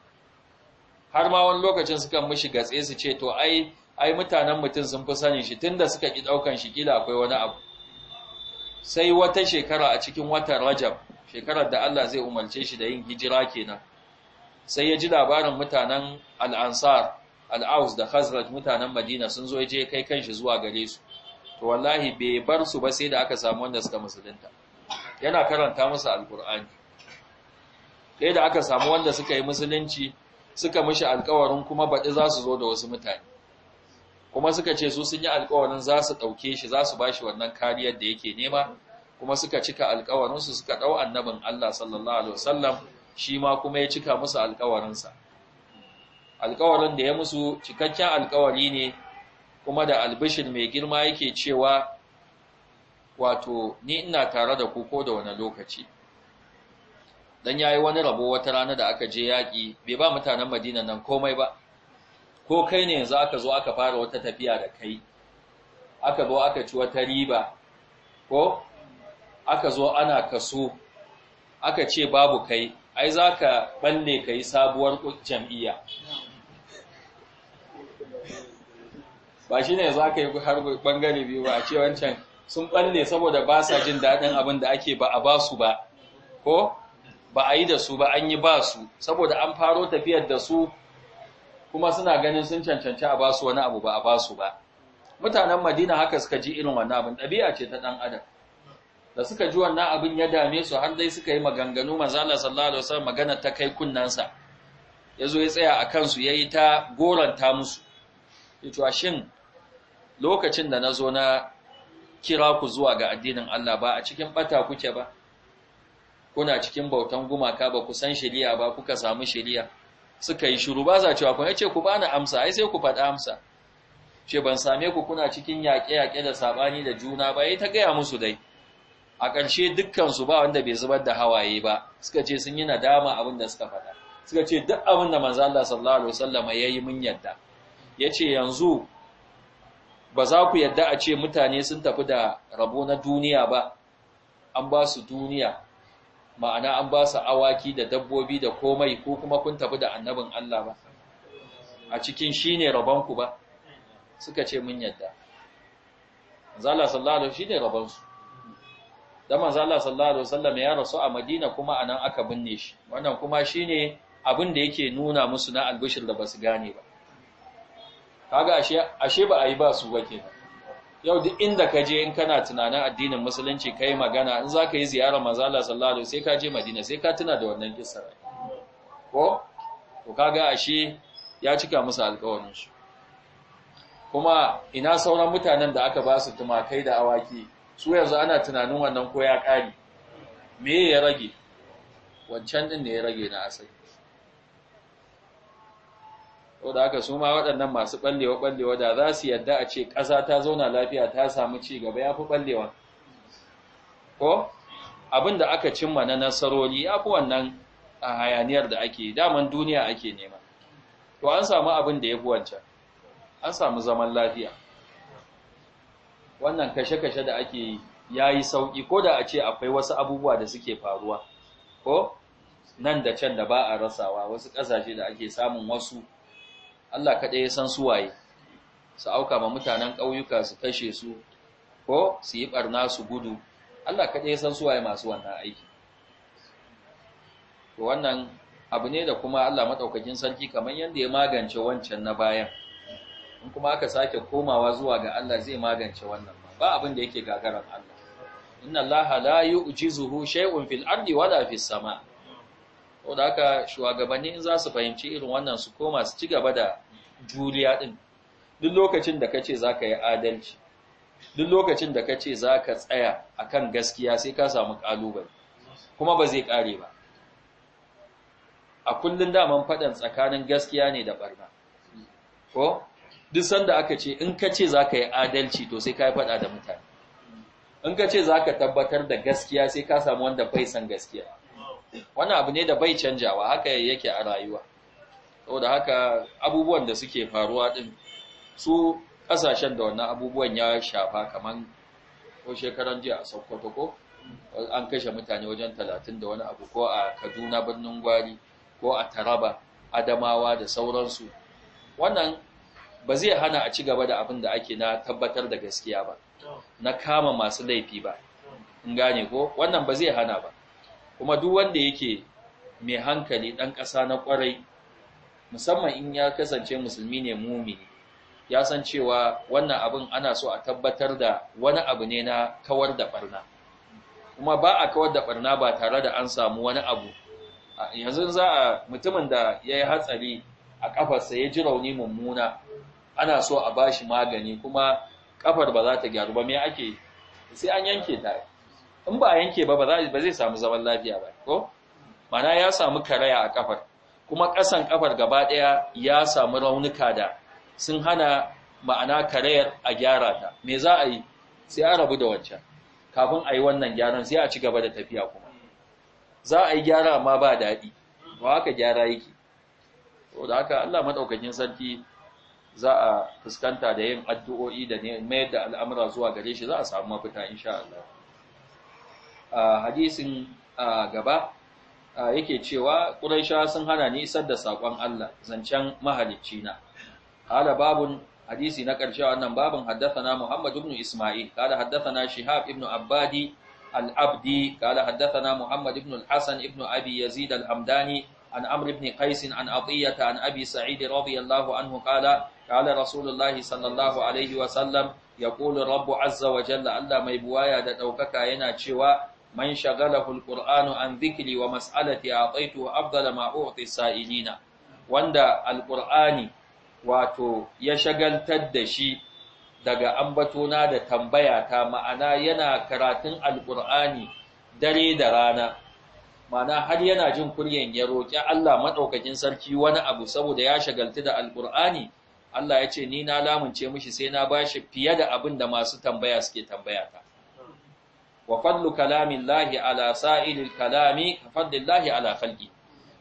har ma wani lokacin suka mishi gatse su ce to ai ai mutanen mutum sun fi sani shi tunda suka ki daukan shi kila akwai wani abu sai wata shekara a cikin watan Rajab shekarar da Allah zai umarce shi da yin hijira kenan sai ya ji labarin mutanen al-Ansar al'aus da khazraj mutanen madina sun zo je kai kanshi zuwa gare su to wallahi bai bar su ba sai da aka samu wanda suka musulunta yana karanta musu alkur'ani ɗaya da aka samu wanda suka yi musulunci suka mishi alkawarin kuma baɗi za su zo da wasu mutane kuma suka ce su sun yi alkawarin za su ɗauke shi za su ba shi wannan kariyar da yake nema kuma suka cika alkawarinsu suka ɗau annabin Allah sallallahu alaihi wasallam shi ma kuma ya cika musu alkawarinsa alkawarin da ya musu cikakken alkawari ne kuma da albishin mai girma yake cewa wato ni ina tare da ku ko da wani lokaci dan yayi wani rabo wata rana da aka je yaƙi. bai ba mutanen Madina nan komai ba ko kai ne yanzu aka zo aka fara wata tafiya da kai aka zo aka ci wata riba ko aka zo ana kaso aka ce babu kai ai zaka balle kai sabuwar jam'iyya ba shi ne za ka yi har bangare biyu ba a ce wancan sun balle saboda ba sa jin daɗin abin da ake ba a ba su ba ko ba a yi da su ba an yi ba su saboda an faro tafiyar da su kuma suna ganin sun cancanci a ba su wani abu ba a ba su ba mutanen madina haka suka ji irin wannan abin ɗabi'a ce ta ɗan adam da suka ji wannan abin ya dame su har dai suka yi maganganu manzala sallallahu alaihi wasallam magana ta kai kunnansa ya zo ya tsaya a kansu ya yi ta goranta musu ya lokacin da na zo na kira ku zuwa ga addinin Allah ba a cikin bata kuke ba kuna cikin bautan gumaka ba ku san shari'a ba kuka samu shari'a suka yi shiru ba za cewa ku yace ku bani amsa ai sai ku faɗa amsa she ban same ku kuna cikin yaƙe-yaƙe da sabani da juna ba yayi ta gaya musu dai a ƙarshe dukkan su ba wanda bai zubar da hawaye ba suka ce sun yi nadama abin da suka faɗa suka ce duk abin da manzo Allah sallallahu alaihi wasallam yayi mun yadda yace yanzu ba za ku yadda a ce mutane sun tafi da rabo na duniya ba an ba su duniya ma'ana an ba su awaki da dabbobi da komai ko kuma kun tafi da annabin Allah ba a cikin shi ne rabonku ba suka ce mun yadda zala sallallahu shi ne rabonsu Dama zala sallallahu sallam ya rasu a Madina kuma anan aka binne shi wannan kuma ne abin da yake nuna musu na albishir da ba su gane ba kaga ashe ashe ba a yi ba su ba ke yau duk inda ka je in kana tunanin addinin musulunci kai magana in za ka yi ziyarar Allah sallallahu alaihi sai ka je madina sai ka tuna da wannan kissa ko to kaga ashe ya cika musu alƙawarin shi kuma ina sauran mutanen da aka ba su tumakai da awaki su yanzu ana tunanin wannan ko ya ƙari me ya rage wancan din ne ya rage na asali so da haka suma ma waɗannan masu ɓallewa ɓallewa da za su yadda a ce ƙasa ta zauna lafiya ta samu ci gaba ya fi ɓallewa ko abin da aka cimma na nasarori ya fi wannan a hayaniyar da ake daman duniya ake nema to an samu abin da ya fi wancan an samu zaman lafiya wannan kashe-kashe da ake yi ya yi sauƙi ko da a ce akwai wasu abubuwa da suke faruwa ko nan da can da ba a rasawa wasu ƙasashe da ake samun wasu Allah kaɗai ya san suwaye su auka ma mutanen ƙauyuka su kashe su ko su yi ɓarna su gudu Allah kaɗai ya san suwaye masu wannan aiki to wannan abu ne da kuma Allah maɗaukakin sarki kamar yadda ya magance wancan na bayan in kuma aka sake komawa zuwa ga Allah zai magance wannan ba abin da yake gagarar Allah inna Allah la yu'jizuhu shay'un fil ardi wala fis sama ko da haka shugabanni in za su fahimci irin wannan su koma su ci gaba da juriya din duk lokacin da kace ka yi adalci duk lokacin da kace ka tsaya akan gaskiya sai ka samu kalubale kuma ba zai kare ba a kullun daman fadan tsakanin gaskiya ne da barna ko duk sanda aka ce in kace ka yi adalci to sai ka yi fada da mutane in kace ka tabbatar da gaskiya sai ka samu wanda bai san gaskiya wani abu ne da bai canjawa haka yake a rayuwa saboda haka abubuwan da suke faruwa din su kasashen da wannan abubuwan ya shafa kamar ko shekaran jiya a Sokoto ko an kashe mutane wajen talatin da wani abu ko a Kaduna birnin Gwari ko a Taraba Adamawa da sauransu wannan ba zai hana a ci gaba da abin da ake na tabbatar da gaskiya ba na kama masu laifi ba in gane ko wannan ba zai hana ba kuma duk wanda yake mai hankali ɗan ƙasa na ƙwarai musamman in ya kasance musulmi ne mumini ya san cewa wannan abin ana so a tabbatar da wani abu ne na kawar da barna kuma ba a kawar da barna ba tare da an samu wani abu yanzu za a mutumin da ya yi hatsari a kafarsa ya ji rauni mummuna ana so a ba shi magani kuma kafar ba za ta gyaru ba me ake sai an yanke ta in ba a yanke ba ba zai samu zaman lafiya ba ko mana ya samu karaya a kafar kuma ƙasan kafar gaba ɗaya ya samu raunuka da sun hana ma'ana karayar a gyara ta me za a yi sai a rabu da wancan kafin a yi wannan gyaran sai a ci gaba da tafiya kuma za a yi gyara ma ba daɗi ba haka gyara yake to da haka Allah madaukakin sarki za a fuskanta da yin addu'o'i da mayar da al'amura zuwa gare shi za a samu mafita insha Allah hadisin gaba yake cewa ƙuraisha sun hana ni isar da saƙon Allah zancen mahalicci na hala babun hadisi na ƙarshe wannan babun haddathana Muhammad ibn Isma'il kala haddathana Shihab ibn Abbadi al-Abdi kala haddathana Muhammad ibn al-Hasan ibn Abi Yazid al-Hamdani an Amr ibn Qais an Atiyah an Abi Sa'id radiyallahu anhu kala kala Rasulullah sallallahu alaihi wa sallam yaqulu Rabbu azza wa jalla Allah mai buwaya da daukaka yana cewa man shagalahu alqur'anu an dhikri wa mas'alati ataitu afdala ma u'ti sa'ilina wanda alqur'ani wato ya shagaltar da shi daga ambatona da tambaya ta ma'ana yana karatun alqur'ani dare da rana ma'ana har yana jin kuryen ya roki Allah madaukakin sarki wani abu saboda ya shagaltu da alqur'ani Allah ya ce ni na lamunce mishi sai na bashi fiye da abin da masu tambaya suke tambaya ta wa fadlu kalamillahi ala sa'ilil kalami ka fadlillahi ala khalqi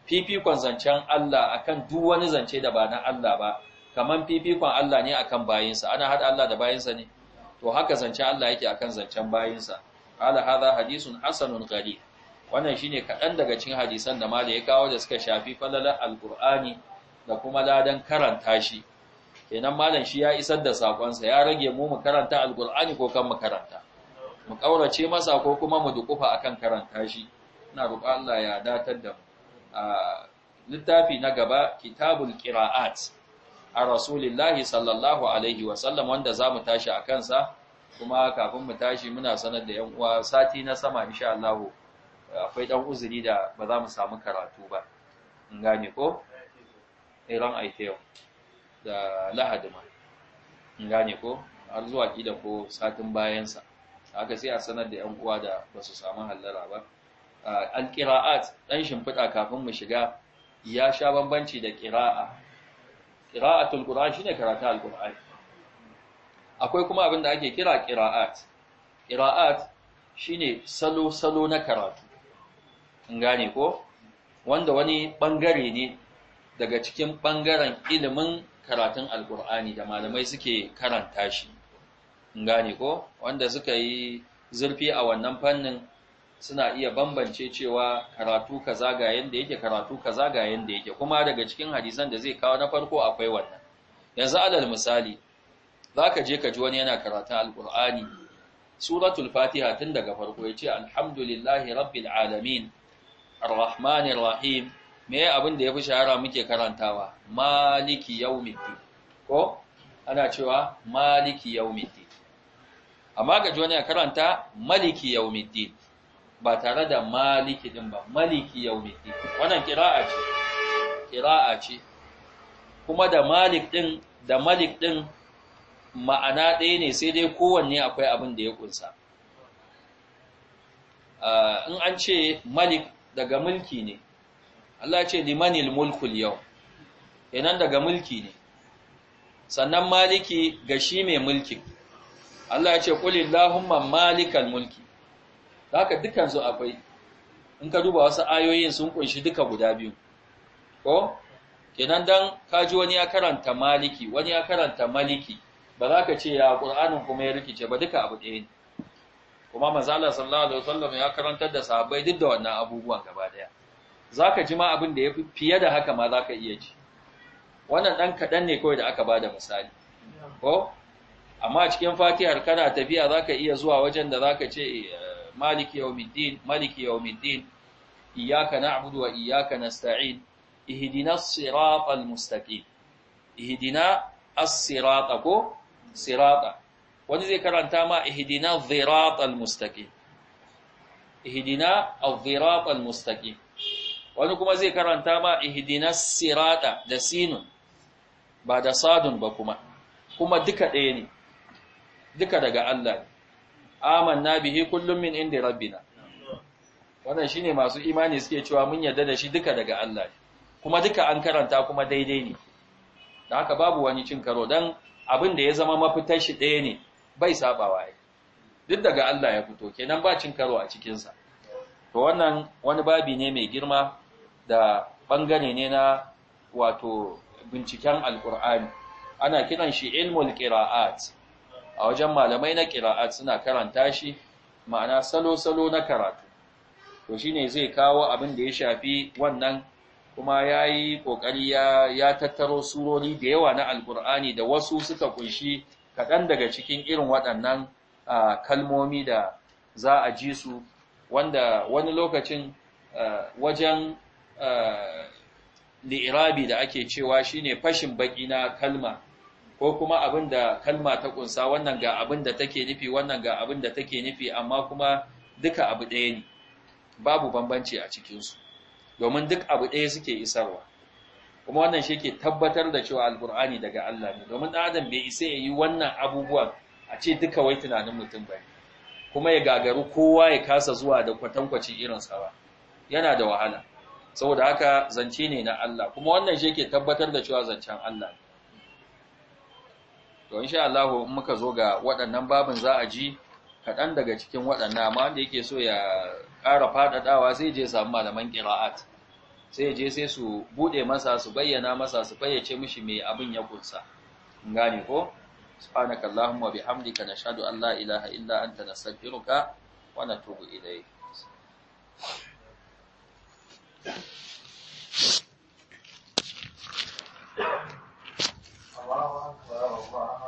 fifikon zancen Allah akan duk wani zance da ba na Allah ba kaman fifikon Allah ne akan bayinsa ana hada Allah da bayinsa ne to haka zance Allah yake akan zancen bayinsa ala hadha hadisun hasanun gharib wannan shine kaɗan daga cikin hadisan da malai ya kawo da suka shafi falalar alqur'ani da kuma ladan karanta shi kenan malam shi ya isar da sakonsa ya rage mu mu karanta alqur'ani ko kan mu karanta mu ƙaurace masa ko kuma mu dukufa akan karanta shi na roƙon Allah ya datar da mu a littafi na gaba kitabul qira'at a rasulillahi sallallahu alaihi wa sallam wanda zamu tashi a kansa kuma kafin mu tashi muna sanar da yan uwa sati na sama insha Allah akwai dan uzuri da ba za mu samu karatu ba in gane ko iran eh, aiteo da lahadima in gane ko har zuwa da ko satin bayansa haka sai a sanar da 'yan uwa da basu samu hallara ba alƙira'at ɗan shimfiɗa kafin mu shiga ya sha bambanci da ƙira'a ƙira'atul ƙura'an shi ne karata akwai kuma abin da ake kira ƙira'at ƙira'at shine salo-salo na karatu in gane ko wanda wani ɓangare ne daga cikin ɓangaren ilimin karatun al da malamai suke karanta shi gane ko wanda suka yi zurfi a wannan fannin suna iya bambance cewa karatu kaza ga yanda yake karatu kaza ga yanda yake kuma daga cikin hadisan da zai kawo na farko akwai wannan yanzu alal misali zaka je ka ji wani yana karatun alqur'ani suratul fatiha tun daga farko yace alhamdulillahi rabbil alamin arrahmanir rahim me abin da ya fi shahara muke karantawa maliki yawmiddin ko ana cewa maliki yawmiddin amma ga wani ya karanta maliki yaumiddin ba tare da maliki din ba maliki yaumiddin wannan kira'a ce Kira'a ce kuma da malik din da malik din ma'ana ɗaya ne sai dai kowanne akwai abin da ya kunsa ah, in an ce malik daga mulki ne Allah ce limanil mulkul yau kenan daga mulki ne sannan maliki ga shi mai mulkin Allah ya ce qulillahumma malikal mulki haka dukan su akwai in ka duba wasu ayoyin sun ƙunshi duka guda biyu ko kenan dan kaji wani ya karanta maliki wani ya karanta maliki ba za ka ce ya qur'anin kuma ya rikice ba duka abu ɗaya ne kuma manzo Allah sallallahu alaihi ya karantar da sahabbai duk da wannan abubuwan gaba daya zaka ji ma abin da yafi fiye da haka ma zaka iya ji wannan dan kaɗan ne kawai da aka ba da misali ko amma cikin fatihar kana tafiya za ka iya zuwa wajen da za ka ce eh, maliki yawmiddin maliki yawmiddin iyyaka na'budu wa na nasta'in Ihidina siratal mustaqim Ihidina as-sirata ko sirata wani zai karanta ma ihidina dhiratal mustaqim Ihidina adh-dhiratal mustaqim wani kuma zai karanta ma ihidina sirata da sinun ba da sadun ba kuma kuma duka ɗaya ne duka daga Allah ne amanna bihi kullum min inda rabbina wannan shine masu imani suke cewa mun yarda da shi duka daga Allah ne kuma duka an karanta kuma daidai ne da haka babu wani cin karo don abin da ya zama mafitar shi ɗaya ne bai sabawa ya duk daga Allah ya fito kenan ba cin karo a cikinsa. to wannan wani babi ne mai girma da bangare ne na wato binciken alƙur'ani, ana kiran shi ilmul qira'at a wajen malamai na ƙira'at suna karanta shi ma'ana salo-salo na karatu to shine zai kawo abin da ya shafi wannan kuma yayi kokari ya ya tattaro surori da yawa na Alkur'ani da wasu suka kunshi kaɗan daga cikin irin waɗannan kalmomi da za a ji su wanda wani lokacin wajen irabi da ake cewa shine fashin baƙi na kalma ko kuma abin da kalma ta kunsa wannan ga abin da take nufi wannan ga abin da take nufi amma kuma duka abu ɗaya ne babu bambanci a cikinsu domin duk abu ɗaya suke isarwa kuma wannan shi ke tabbatar da cewa alkur'ani daga Allah ne domin ɗan adam bai isa ya yi wannan abubuwan a ce duka wai tunanin mutum ba kuma ya gagaru kowa ya kasa zuwa da kwatankwacin irinsa ba yana da wahala saboda haka zance ne na Allah kuma wannan shi ke tabbatar da cewa zancen Allah ne to insha Allah in muka zo ga waɗannan babin za a ji kaɗan daga cikin waɗannan amma wanda yake so ya ƙara faɗaɗawa sai je samu malaman ƙira'at sai je sai su buɗe masa su bayyana masa su fayyace mishi mai abin ya kunsa gane ko subhanaka allahumma bihamdika nashhadu an la ilaha illa anta nastaghfiruka wa natubu ilayk Thank you. Wow! Wow! Wow!